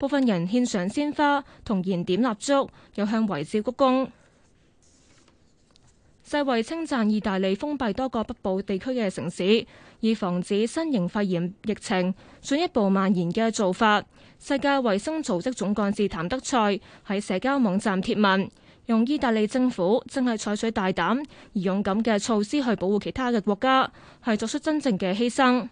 部分人獻上鮮花同燃點蠟燭，又向遺照鞠躬。世衛稱讚意大利封閉多個北部地區嘅城市，以防止新型肺炎疫情進一步蔓延嘅做法。世界衛生組織總幹事譚德塞喺社交網站貼文，用意大利政府正係採取大膽而勇敢嘅措施去保護其他嘅國家，係作出真正嘅犧牲。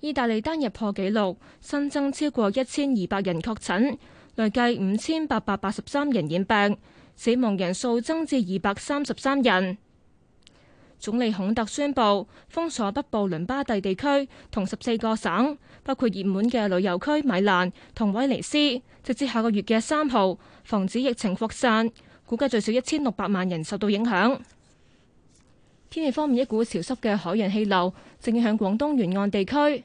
意大利單日破紀錄，新增超過一千二百人確診，累計五千八百八十三人染病，死亡人數增至二百三十三人。總理孔特宣布封鎖北部倫巴第地區同十四個省，包括熱門嘅旅遊區米蘭同威尼斯，直至下個月嘅三號，防止疫情擴散。估計最少一千六百萬人受到影響。天氣方面，一股潮濕嘅海洋氣流正影響廣東沿岸地區。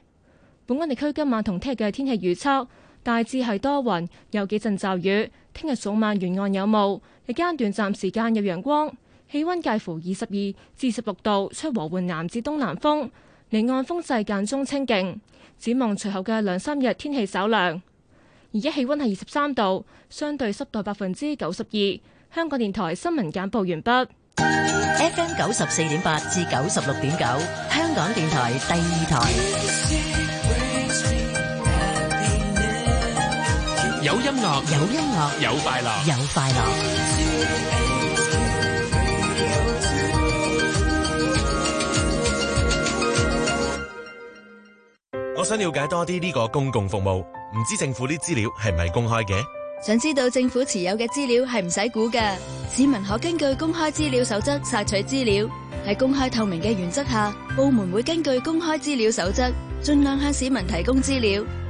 本港地區今晚同聽日嘅天氣預測大致係多雲，有幾陣驟雨。聽日早晚沿岸有霧，日間短暫時間有陽光。氣溫介乎二十二至十六度，吹和緩南至東南風，離岸風勢間中清勁。展望隨後嘅兩三日天氣稍涼。而家氣溫係二十三度，相對濕度百分之九十二。香港電台新聞簡報完畢。FM 九十四點八至九十六點九，香港電台第二台。有音樂，有音樂，有快樂，有快樂。我想了解多啲呢個公共服務，唔知政府啲資料係唔係公開嘅？想知道政府持有嘅資料係唔使估嘅，市民可根據公開資料守則索取資料。喺公開透明嘅原則下，部門會根據公開資料守則，盡量向市民提供資料。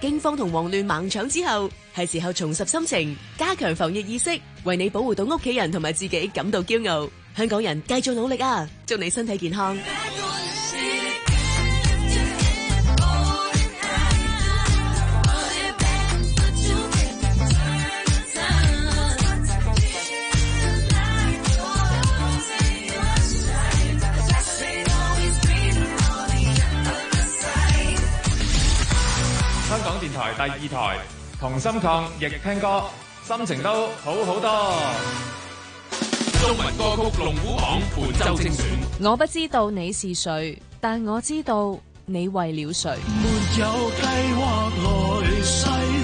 驚慌同慌亂盲搶之後，係時候重拾心情，加強防疫意識，為你保護到屋企人同埋自己感到驕傲。香港人繼續努力啊！祝你身體健康。港電台第二台同心抗疫，日日聽歌，心情都好好多。中文歌曲龍虎榜，本周精選。我不知道你是誰，但我知道你為了誰。沒有計劃來世。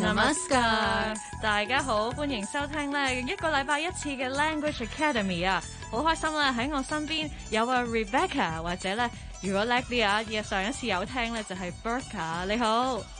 Namaskar. 大家好，歡迎收聽咧一個禮拜一次嘅 Language Academy 啊，好開心啦！喺我身邊有啊 Rebecca，或者咧如果叻啲啊，上一次有聽咧就係 Birka，你好。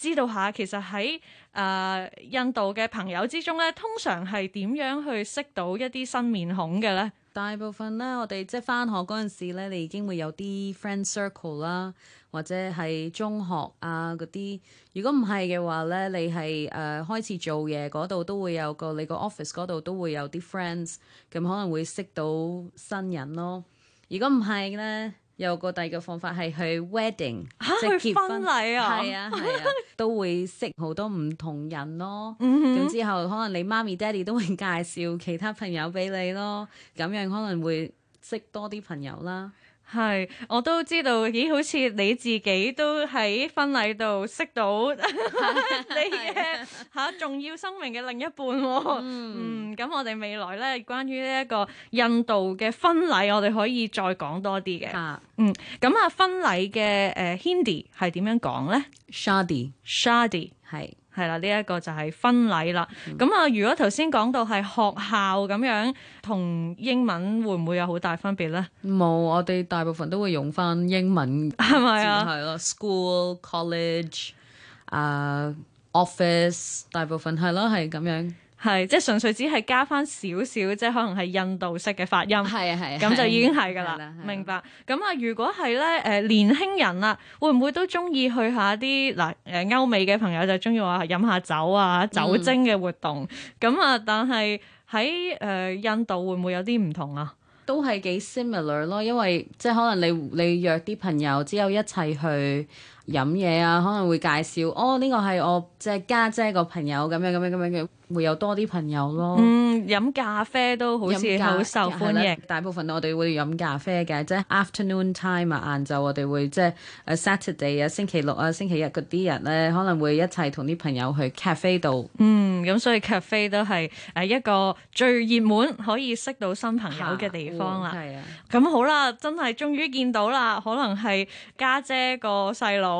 知道下其實喺誒、呃、印度嘅朋友之中咧，通常係點樣去識到一啲新面孔嘅咧？大部分咧，我哋即係返學嗰陣時咧，你已經會有啲 friend circle 啦，或者係中學啊嗰啲。如果唔係嘅話咧，你係誒、呃、開始做嘢嗰度都會有個你個 office 嗰度都會有啲 friends，咁可能會識到新人咯。如果唔係咧，有個第二個方法係去 wedding、啊、即係結婚禮，係啊係啊，啊啊 都會識好多唔同人咯。咁、嗯、哼之後可能你媽咪、爹哋都會介紹其他朋友俾你咯，咁樣可能會識多啲朋友啦。係，我都知道。咦，好似你自己都喺婚禮度識到 你嘅嚇重要生命嘅另一半、哦。嗯，咁、嗯、我哋未來咧，關於呢一個印度嘅婚禮，我哋可以再講多啲嘅。啊、嗯，咁啊，婚禮嘅誒、呃、Hindi 係點樣講咧？Shadi，Shadi，係。Sh adi. Sh adi, 係啦，呢一，這個就係婚禮啦。咁啊，如果頭先講到係學校咁樣，同英文會唔會有好大分別呢？冇，我哋大部分都會用翻英文係咪啊？係咯，school、college、uh、啊 office，大部分係咯，係咁樣。係，即係純粹只係加翻少少，即係可能係印度式嘅發音，係啊係，咁就已經係㗎啦。明白。咁啊，如果係咧，誒年輕人啦，會唔會都中意去下啲嗱？誒歐美嘅朋友就中意話飲下酒啊，酒精嘅活動。咁啊、嗯，但係喺誒印度會唔會有啲唔同啊？都係幾 similar 咯，因為即係可能你你約啲朋友之後一齊去。飲嘢啊，可能會介紹哦，呢、這個係我即係家姐個朋友咁樣咁樣咁樣嘅，會有多啲朋友咯。嗯，飲咖啡都好似好受歡迎。大部分我哋會飲咖啡嘅，即係 afternoon time 啊，晏晝我哋會即係 Saturday 啊，星期六啊，星期日嗰啲人咧，可能會一齊同啲朋友去 cafe 度。嗯，咁所以 cafe 都係誒一個最熱門可以識到新朋友嘅地方啦。係啊，咁、嗯啊、好啦，真係終於見到啦，可能係家姐個細路。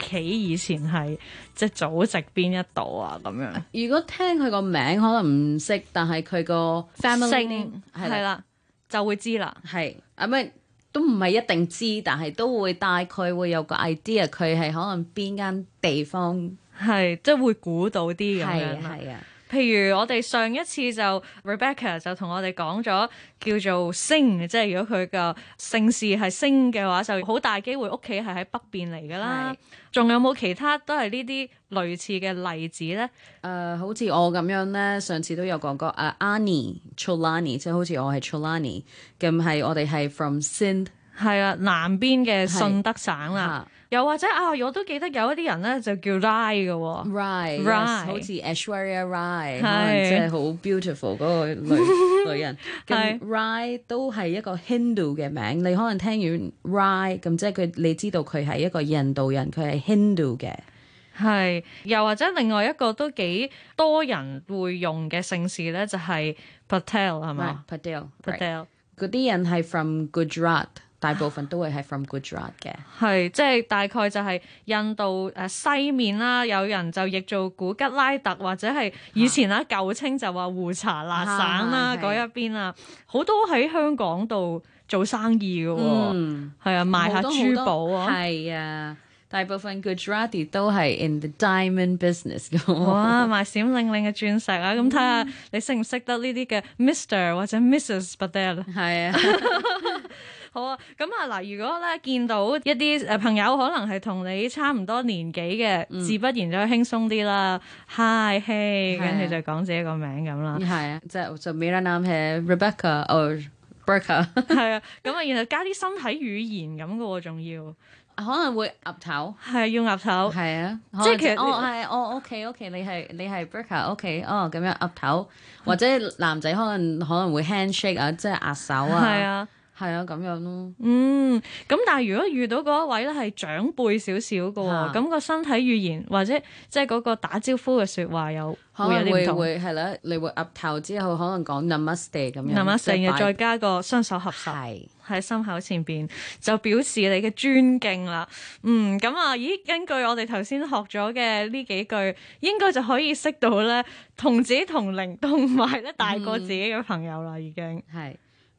起以前係即係祖籍邊一度啊咁樣。如果聽佢個名可能唔識，但係佢個 family 係啦性，就會知啦。係啊的，唔係都唔係一定知，但係都會大概會有個 idea，佢係可能邊間地方，係即係會估到啲咁樣。的的譬如我哋上一次就 Rebecca 就同我哋講咗叫做星，即係如果佢個姓氏係星嘅話，就好大機會屋企係喺北邊嚟㗎啦。仲是有冇其他都係呢啲類似嘅例子咧？誒，uh, 好似我咁樣咧，上次都有講過啊、uh，Annie Cholani，即係好似我係 Cholani，咁係我哋係 from Sind，係啊，南邊嘅信德省啦。又或者啊，我都記得有一啲人咧就叫 Rye 嘅，Rye，Rye，好似 Aishwarya Rye，可能即係好 beautiful 嗰個女女人。係 Rye 都係一個 Hindu 嘅名，你可能聽完 Rye 咁即係佢，你知道佢係一個印度人，佢係 Hindu 嘅。係，又或者另外一個都幾多人會用嘅姓氏咧，就係 Patel 係咪？Patel，Patel，嗰啲人係 from Gujarat。 大部分都係喺 From Gujarat 嘅，係 即係大概就係印度誒、啊、西面啦、啊，有人就譯做古吉拉特或者係以前啊舊稱就話胡茬辣省啦嗰一邊啊，好多喺香港度做生意嘅、哦，係啊、嗯、賣下珠寶啊，係啊，uh, 大部分 Gujarati 都係 in the diamond business 嘅、哦， 哇賣閃亮亮嘅鑽石啊，咁睇下你認認識唔識得呢啲嘅 Mr 或者 Mrs Patel 係啊。 好啊，咁啊嗱，如果咧見到一啲誒朋友，可能係同你差唔多年紀嘅，自不然就輕鬆啲啦。Hi，hey、啊、跟住就講自己個名咁啦。係啊，即係就未啦，諗 Rebecca or Bricker。係啊，咁啊，然後加啲身體語言咁嘅喎，仲要可能會握手。係啊，要握手。係啊，即係其實我係我 OK，OK，你係、哦哦 okay, okay, 你係 b r i c k e o k 哦咁樣握手，或者男仔可能可能會 handshake 啊，即係握手啊。係啊。係啊，咁樣咯。嗯，咁但係如果遇到嗰一位咧係長輩少少嘅，咁、啊、個身體語言或者即係嗰個打招呼嘅說話有可能會會係啦、啊，你會岌頭之後可能講 Namaste 咁樣，Namaste，成日再加個雙手合十，係喺是心口前邊就表示你嘅尊敬啦。嗯，咁啊，咦，根據我哋頭先學咗嘅呢幾句，應該就可以識到咧同自己同齡，同埋咧大過自己嘅朋友啦，嗯嗯、已經係。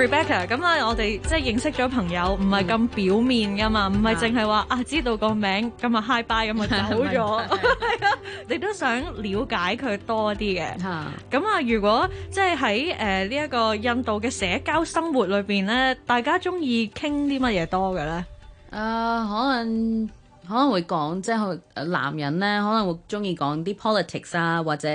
Rebecca，咁啊，我哋即係認識咗朋友，唔係咁表面噶嘛，唔係淨係話啊知道個名咁啊 hi bye 咁啊，bye，走咗， 你都想了解佢多啲嘅。咁啊，如果即係喺誒呢一個印度嘅社交生活裏邊咧，大家中意傾啲乜嘢多嘅咧？誒，uh, 可能可能會講即係男人咧，可能會中意講啲 politics 啊，或者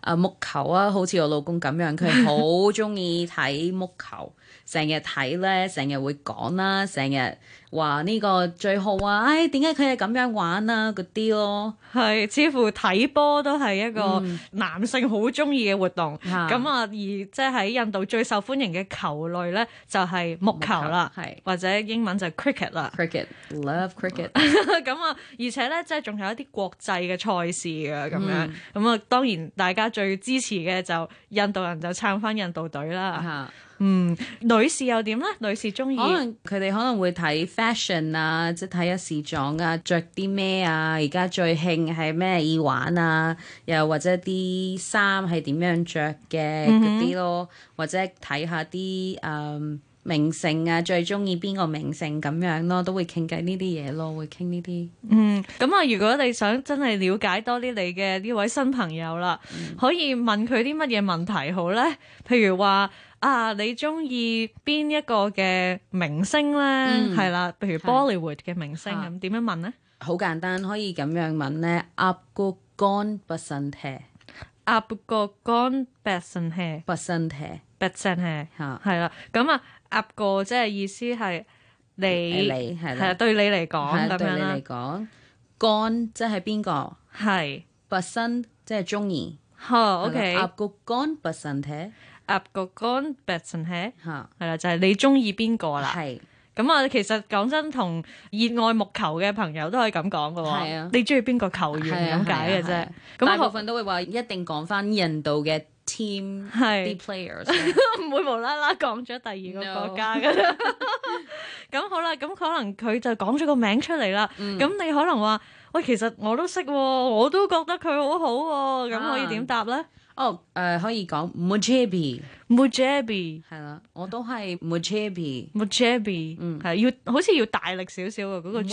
啊、呃、木球啊，好似我老公咁樣，佢好中意睇木球。 成日睇咧，成日會講啦，成日話呢個最好啊！唉、哎，點解佢係咁樣玩啊？嗰啲咯，係，似乎睇波都係一個男性好中意嘅活動。咁啊、嗯，而即係喺印度最受歡迎嘅球類咧，就係、係、木球啦，球或者英文就係 cricket 啦。cricket love cricket 咁啊、嗯， 而且咧即係仲有一啲國際嘅賽事啊，咁樣咁啊、嗯，當然大家最支持嘅就印度人就撐返印度隊啦。嗯。嗯，女士又點咧？女士鍾意，可能佢哋可能會睇 fashion 啊，即睇下時裝啊，着啲咩啊，而家最興係咩耳環啊，又或者啲衫係點樣着嘅嗰啲咯，或者睇下啲誒。Um, 名星啊，最中意邊個明星咁樣咯，都會傾偈呢啲嘢咯，會傾呢啲。嗯，咁啊，如果你想真係了解多啲你嘅呢位新朋友啦，可以問佢啲乜嘢問題好咧？譬如話啊，你中意邊一個嘅明星咧？係啦，譬如 Bollywood 嘅明星咁，點樣問咧？好簡單，可以咁樣問咧：阿骨干不伸腿，阿骨干不伸腿，不伸腿，不伸腿，吓，係啦，咁啊。鴨個即係意思係你係啊，對你嚟講咁樣啦。乾即係邊個？係、oh, okay。不新即係中意。嚇，OK。鴨個乾不新睇，鴨個乾不新睇。嚇，係啦，就係你中意邊個啦？係。咁啊，其實講真，同熱愛木球嘅朋友都可以咁講嘅喎。係啊。你中意邊個球員咁解嘅啫？咁大部分都會話一定講返印度嘅。team 啲是 players 唔、yeah? 會無啦啦講咗第二個國家噶 No. 咁好啦，咁可能佢就講咗個名出嚟啦，咁、mm. 你可能話喂，其實我都識、哦，我都覺得佢好好、哦，咁可以點答咧？Um. 哦，誒可以講 Mojabi，Mojabi，係啦，我都係 Mojabi，Mojabi，嗯，係要好似要大力少少嘅嗰個啦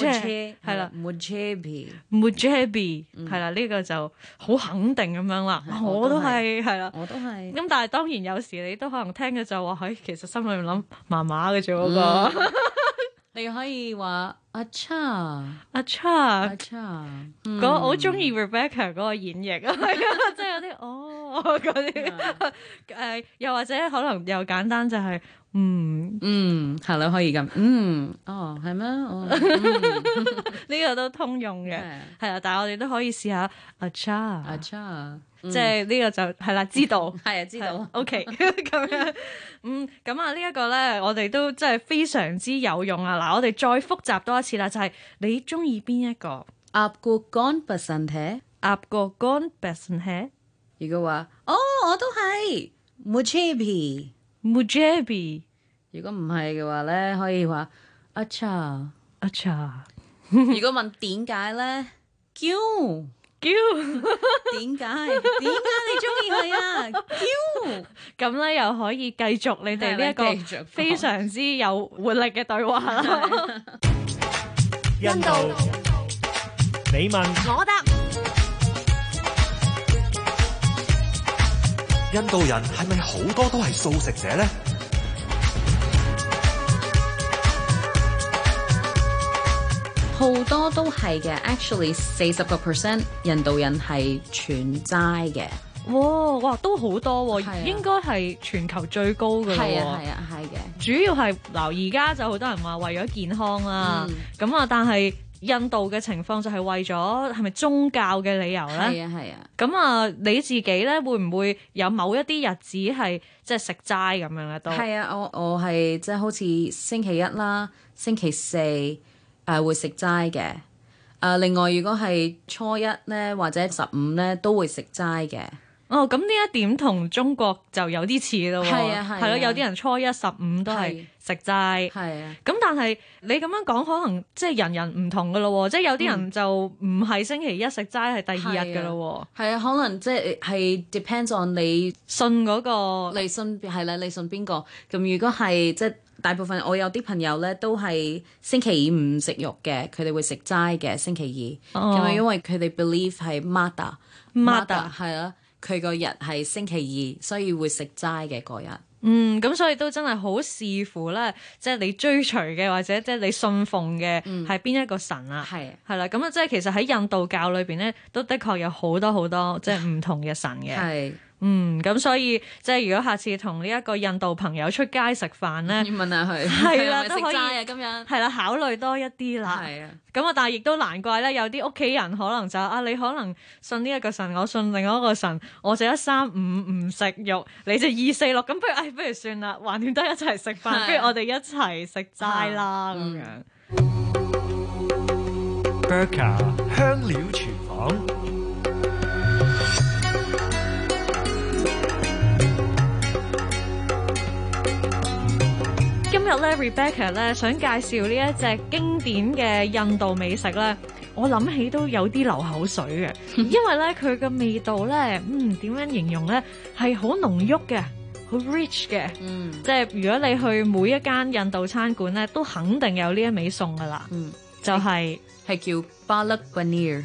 Mojabi，Mojabi，係啦，呢個就好肯定咁樣啦，我都係，係啦，我都係，咁但係當然有時你都可能聽嘅就話，喺其實心裏面諗麻麻嘅啫，嗰個，你可以話阿差，阿差，阿差，我好中意 Rebecca 嗰個演繹啊，真係有啲哦～嗰啲誒， 又或者可能又簡單、就是，就係嗯嗯，係啦、嗯，可以咁，嗯哦，係咩？哦，呢個都通用嘅，係啊的。但係我哋都可以試下 acha acha，即係呢個就係啦，知道係啊， 知道，OK，咁 樣嗯，咁啊，呢一個咧，我哋都真係非常之有用啊！嗱，我哋再複雜多一次啦，就係、是、你中意邊一個？आपको कौन पसंद है आपको कौन पसंद है 如果話，哦，我都係，我亦係，我亦係。如果唔係嘅話咧，可以話，阿查阿查。如果問點解咧？Q Q，點解？點解你中意佢啊？Q，咁咧又可以繼續你哋呢一個非常之有活力嘅對話啦。印度，你問我答。印度人係咪好多都係素食者咧？好多都係嘅，actually，四十個 percent 印度人係全齋嘅。哇哇，都好多喎、啊，啊、應該係全球最高嘅咯。係啊係啊，係嘅、啊。主要係嗱，而家就好多人話為咗健康啊，咁啊、嗯，但係。印度嘅情況就係為咗係咪宗教嘅理由咧？係啊，係啊。咁啊，你自己咧會唔會有某一啲日子係即係食齋咁樣咧？都係啊，我我係即係好似星期一啦、星期四誒、呃、會食齋嘅。誒、呃，另外如果係初一咧或者十五咧都會食齋嘅。哦，咁呢一點同中國就有啲似咯喎，係咯、啊啊啊，有啲人初一十五都係食齋，係啊。咁、啊、但係你咁樣講，可能即係人人唔同嘅咯喎，即係有啲人就唔係星期一食齋，係第二日嘅咯喎。係啊，啊，可能即係 depends on 你信、嗰個、你信嗰個、啊，你信係啦，你信邊個？咁如果係即係大部分，我有啲朋友咧都係星期五食肉嘅，佢哋會食齋嘅星期二，咁啊，因為佢哋 believe 係 mother，mother 係啊。佢個日係星期二，所以會食齋嘅嗰日。嗯，咁所以都真係好視乎咧，即係你追隨嘅或者即係你信奉嘅係邊一個神啊？係係啦，咁啊，即係其實喺印度教裏邊咧，都的確有好多好多即係唔同嘅神嘅。 係。嗯，咁所以即係如果下次同呢一個印度朋友出街食飯咧，要問下佢，係啦、啊、都可以咁樣，係啦、啊、考慮多一啲啦。咁啊，但係亦都難怪咧，有啲屋企人可能就啊，你可能信呢一個神，我信另外一個神，我就一三五唔食肉，你就二四六咁。不如唉、哎，不如算啦，橫掂都係一齊食飯，不如，啊、我哋一齊食齋啦咁樣。香料廚房。今日咧，Rebecca 咧想介紹呢一隻經典嘅印度美食咧，我諗起都有啲流口水嘅，因為咧佢嘅味道咧，嗯，點樣形容咧，係好濃郁嘅，好 rich 嘅，嗯，即係如果你去每一間印度餐館咧，都肯定有呢一味餸噶啦，嗯，就係、係、係叫巴勒巴尼爾，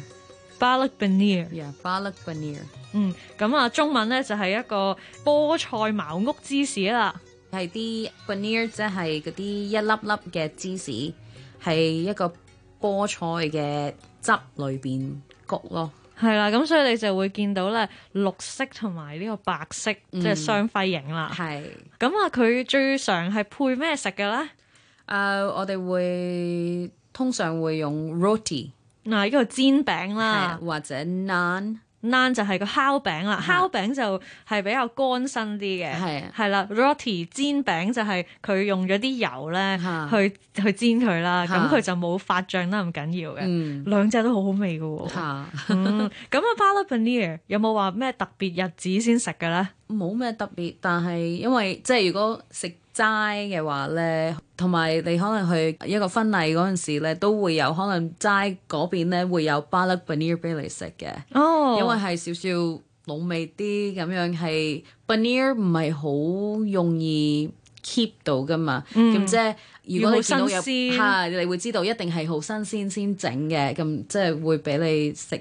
巴勒巴尼爾，Yeah，巴勒巴尼爾，嗯，咁啊，中文咧就係、是、一個菠菜茅屋芝士啦。係啲 paneer，即係嗰啲一粒粒嘅芝士，係一個菠菜嘅汁裏邊焗咯。係啦，咁所以你就會見到咧，綠色同埋呢個白色，即、就、係、是、雙輝影啦。係、嗯。咁啊，佢最常係配咩食嘅咧？誒、uh，我哋會通常會用 roti，嗱呢、啊這個煎餅啦，或者 naan。Naan 就係個烤餅啦，烤餅就係比較乾身啲嘅，係啦的。Roti 煎餅就係佢用咗啲油咧，去去煎佢啦，咁佢的就冇發脹得咁緊要嘅。嗯、兩隻都好好味嘅喎。咁啊，Balabeanie 有冇話咩特別日子先食嘅咧？冇咩特別，但係因為即係如果食。齋嘅話咧，同埋你可能去一個婚禮嗰陣時咧，都會有可能齋嗰邊咧會有巴勒 paneer 俾你食嘅，oh. 因為係少少老味啲咁樣，係 paneer 唔係好容易 keep 到㗎嘛，咁、嗯、即係如果你見到有吓，你會知道一定係好新鮮先整嘅，咁即係會俾你食。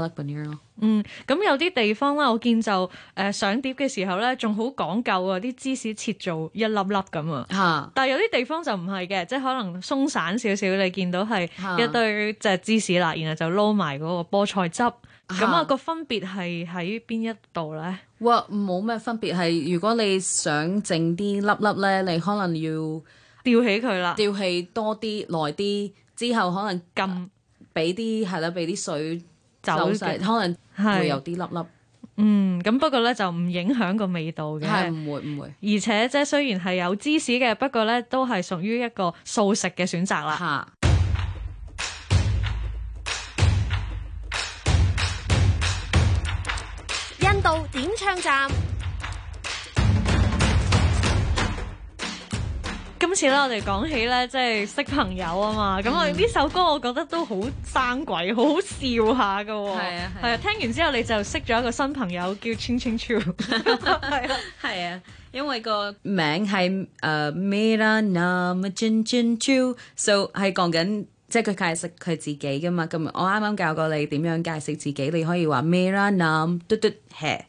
粒咁樣咯，嗯，咁有啲地方咧，我見就誒、呃、上碟嘅時候咧，仲好講究啊，啲芝士切做一粒粒咁啊，嚇！但係有啲地方就唔係嘅，即係可能鬆散少少，你見到係一堆隻芝士啦，啊、然後就撈埋嗰個菠菜汁，咁啊，啊、個分別係喺邊一度咧？哇！冇咩分別係，如果你想整啲粒粒咧，你可能要吊起佢啦，吊起多啲耐啲，之後可能撳俾啲係啦，俾啲按水。走曬，可能係有啲粒粒，嗯，咁不過呢就唔影響個味道嘅，係唔會唔會，會而且即係雖然係有芝士嘅，不過呢都係屬於一個素食嘅選擇啦。嚇是！印度點唱站。今次咧，我哋講起咧，即係識朋友啊嘛。咁我呢首歌，我覺得都好生鬼，好好笑下噶係啊，係啊。聽完之後，你就識咗一個新朋友，叫 Chinchin Chu。係啊，係啊。因為個名係誒 Mira Nam Chinchin Chu，so 係講緊即係佢介紹佢自己噶嘛咁我啱啱教過你點樣介紹自己，你可以話 Mira Nam Dudud Hair。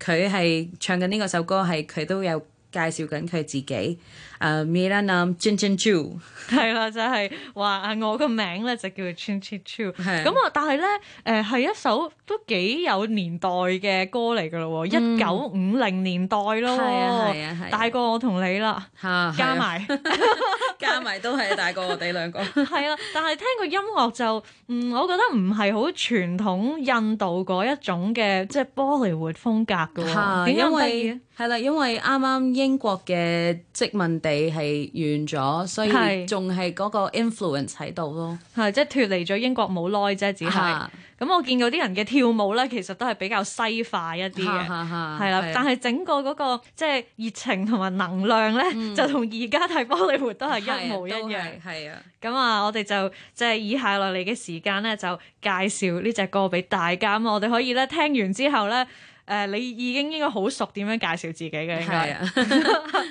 佢係唱緊呢個首歌，係佢都有。介紹緊佢自己，誒、uh, My name is Jinjin Chu，係啦、 啊，就係話啊，我個名咧就叫做 Jinjin Chu，咁啊但呢，但係咧誒係一首都幾有年代嘅歌嚟㗎咯，一九五零年代咯，啊啊啊啊、大過我同你啦，啊啊、加埋起。 加埋都係大過我哋兩個。係 啊，但係聽個音樂就，嗯，我覺得唔係好傳統印度嗰一種嘅，即係 Bollywood 風格嘅。因為係啦、啊，因為啱啱英國嘅殖民地係完咗，所以仲係嗰個 influence 喺度咯。係、啊，即係脱離咗英國冇耐啫，只係。啊咁我見到啲人嘅跳舞咧，其實都係比較西化一啲嘅，係啦。但係整個嗰、那個即係、就是、熱情同埋能量咧，嗯、就同而家睇玻璃活都係一模一樣。係啊，咁啊，我哋就即係、就是、以下落嚟嘅時間咧，就介紹呢隻歌俾大家咁，我哋可以咧聽完之後咧。誒、呃，你已經應該好熟點樣介紹自己嘅，應該係是啊。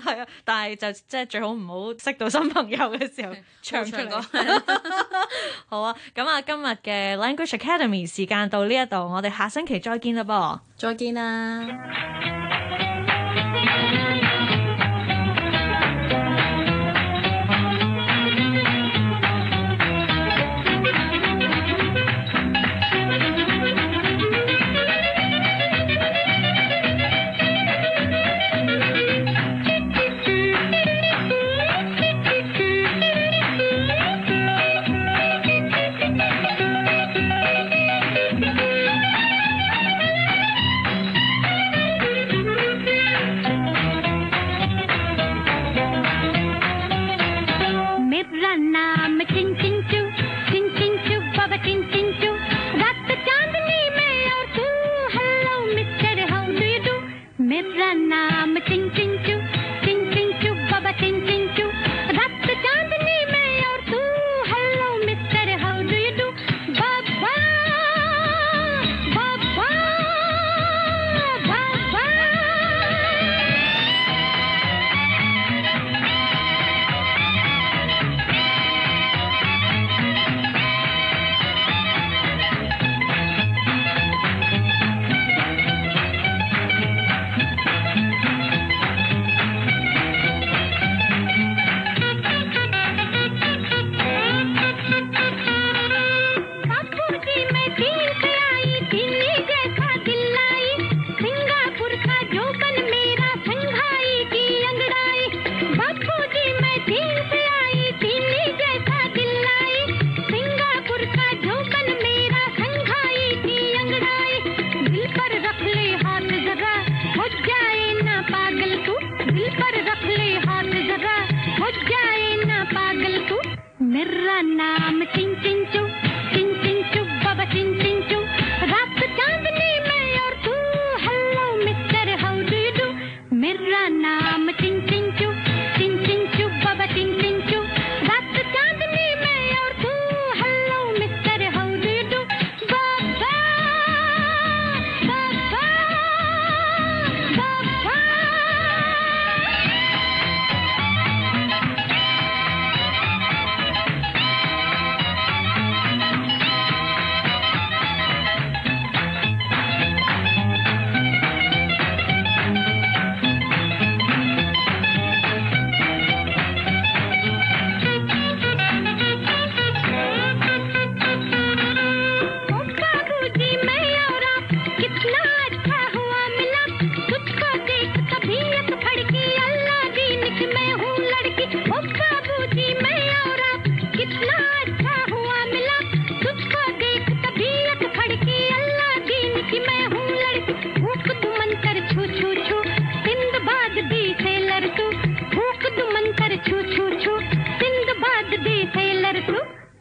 係 啊，但係就即係最好唔好識到新朋友嘅時候對唱出嚟。好啊，咁啊，今日嘅 Language Academy 時間到呢一度，我哋下星期再見啦噃，再見啦。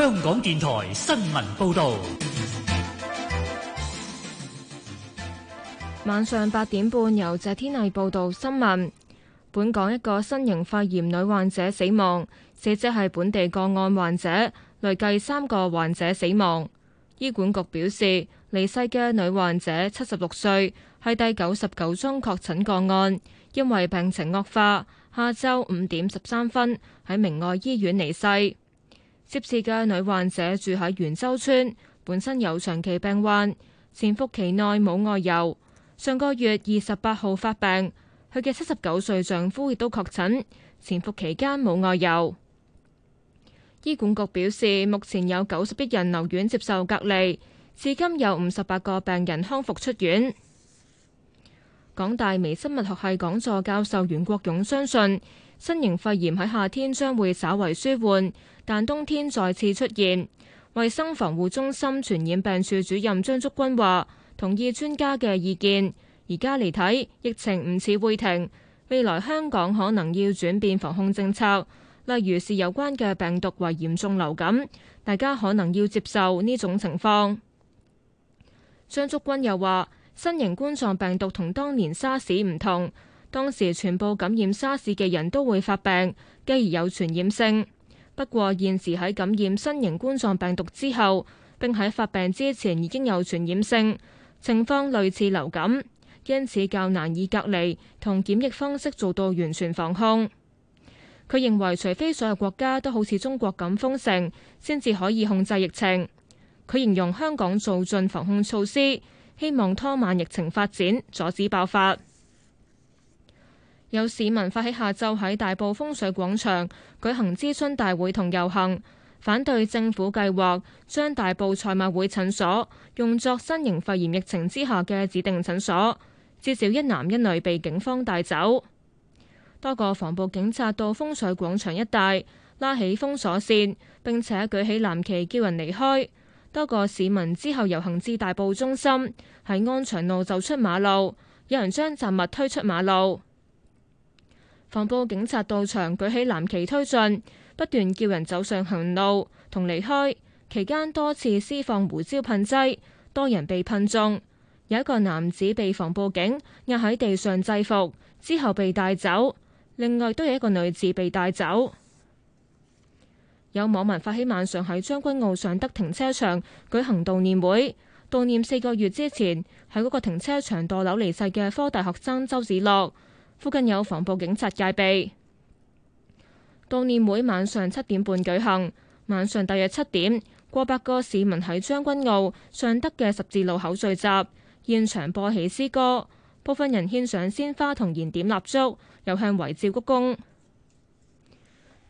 香港電台新聞報道，晚上八點半由謝天麗報道新聞。本港一個新型肺炎女患者死亡，死者係本地個案患者，累計三個患者死亡。醫管局表示，離世嘅女患者七十六歲，係第九十九宗確診個案，因為病情惡化，下晝五點十三分喺明愛醫院離世。涉事嘅女患者住喺元洲村，本身有長期病患，潛伏期內冇外遊。上個月二十八號發病，佢嘅七十九歲丈夫亦都確診，潛伏期間冇外遊。醫管局表示，目前有九十一人留院接受隔離，至今有五十八個病人康復出院。港大微生物學系講座教授袁國勇相信。新型肺炎喺夏天將會稍為舒緩，但冬天再次出現。衛生防護中心傳染病處主任張竹君話，同意專家嘅意見，而家嚟睇疫情唔似會停，未來香港可能要轉變防控政策，例如是有關嘅病毒為嚴重流感，大家可能要接受呢種情況。張竹君又話，新型冠狀病毒同當年沙士唔同。當時全部感染沙士嘅人都會發病，繼而有傳染性。不過現時喺感染新型冠狀病毒之後，並喺發病之前已經有傳染性，情況類似流感，因此較難以隔離同檢疫方式做到完全防控。佢認為，除非所有國家都好似中國咁封城，先至可以控制疫情。佢形容香港做盡防控措施，希望拖慢疫情發展，阻止爆發。有市民發起下晝喺大埔風水廣場舉行諮詢大會同遊行，反對政府計劃將大埔賽馬會診所用作新型肺炎疫情之下嘅指定診所。至少一男一女被警方帶走。多個防暴警察到風水廣場一帶拉起封鎖線，並且舉起藍旗叫人離開。多個市民之後遊行至大埔中心，喺安祥路走出馬路，有人將雜物推出馬路。防暴警察到場，舉起藍旗推進，不斷叫人走上行路同離開。期間多次施放胡椒噴劑，多人被噴中。有一個男子被防暴警壓喺地上制服，之後被帶走。另外都有一個女子被帶走。有網民發起晚上喺將軍澳上德停車場舉行悼念會，悼念四個月之前喺嗰個停車場墮樓離世嘅科大學生周子樂。附近有防暴警察戒備。悼念會晚上七點半舉行，晚上大約七點過百個市民喺將軍澳尚德嘅十字路口聚集，現場播起詩歌，部分人獻上鮮花同燃點蠟燭，又向遺照鞠躬。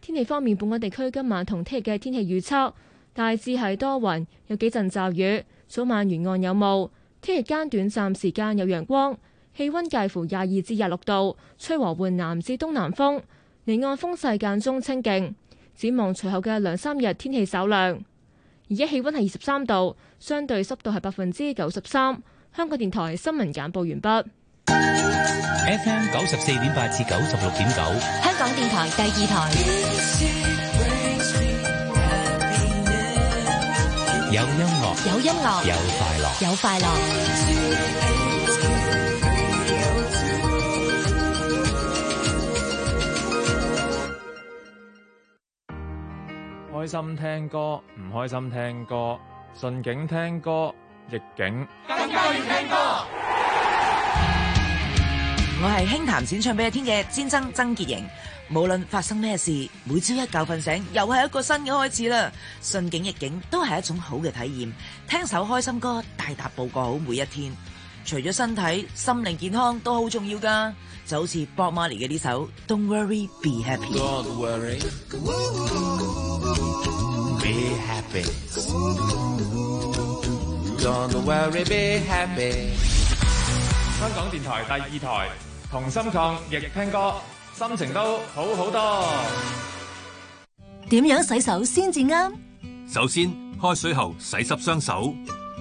天氣方面，本港地區今晚同聽日嘅天氣預測大致係多雲有幾陣驟雨，早晚沿岸有霧，聽日間短暫時間有陽光。氣溫介乎廿二至廿六度，吹和緩南至東南風，離岸風勢間中清勁。展望隨後嘅兩三日天氣稍涼，而家氣溫係二十三度，相對濕度係百分之九十三。香港電台新聞簡報完畢。FM 九十四點八至九十六點九，香港電台第二台。音樂有音樂，有音樂樂，有快樂，有快樂。 心聽歌，唔開心聽歌，順景聽歌，逆景更加要聽歌。我係輕彈淺唱俾你聽嘅戰爭曾潔瑩。無論發生咩事，每朝一覺瞓醒，又係一個新嘅開始啦。順景逆境都係一種好嘅體驗，聽首開心歌，大踏步過好每一天。除咗身體，心靈健康都好重要㗎，就好似 Bob Marley 嘅呢首《Don't Worry Be Happy》。香港電台第二台同心抗，日日聽歌，心情都好好多。點樣洗手先至啱？首先，開水喉洗濕雙手。